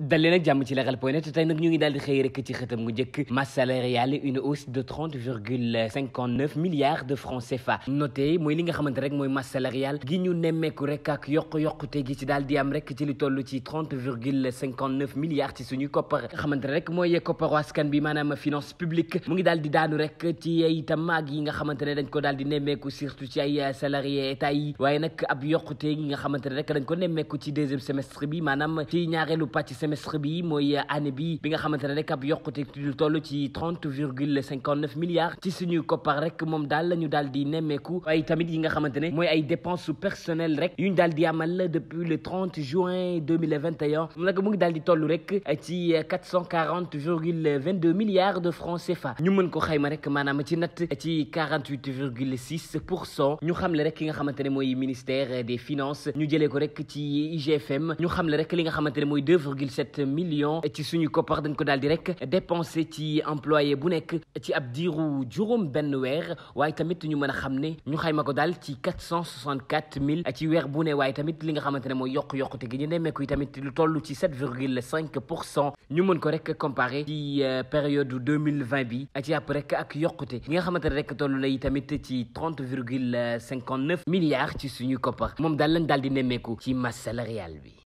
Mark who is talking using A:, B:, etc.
A: dalee nag jàmm ci leral point net tey nag ñu ngi daal di xëy ci xëtam mu njëkk masse salariale une hausse de milliards de francs CFA noté mooy li nga xamante rek mooy masse kopparu askan bi maanaam finance publique mu ngi daal daanu rek ci itam ak yi nga xamante dañ ko daal nemmeeku surtout ci ay salarié état waaye nag ab yokkute nga xamante rek dañ ko nemmeeku ci deuxième semestre bi maanaam ci ñaareelu pàcc semestre bi mooy bi nga xamante rek ab yokkute lu toll ci trente virgule cinquante neuf milliards rek moom daal la ñu di nemmeeku waaye tamit yi nga xamante ne ay dépenses personnel rek yu ñu daal di amal depuis le juin deux mille vingt et di toll rek ci quatre cent quarante virgule milliards de francs CFA ñu mën ko xayma rek maanaam ci natt ci quarante huit virgule six pour cent ñu xamle rek li nga xamante ne deux virgule 77 millions ci suñu koppar dañ ko daal di rek dépensé ci employé bu nekk ci ab diiru juróom benn weer waaye tamit ñu mën a xam ne ñu xayma ko daal ci 464 mille ci weer bu ne waaye tamit li nga xamante ne mooy yokk yokkute gi ñu nemmeeku tamit lu toll ci 7 virgule 5 pour cent ñu mën ko rek comparé ci euh, période 2020 bi ci àpp rek ak yokkute gi nga xamante ne rek toll na yi tamit ci 30 virgule 59 milliards ci suñu koppar moom daal lañ daal di nemmeeku ci masse salariale bi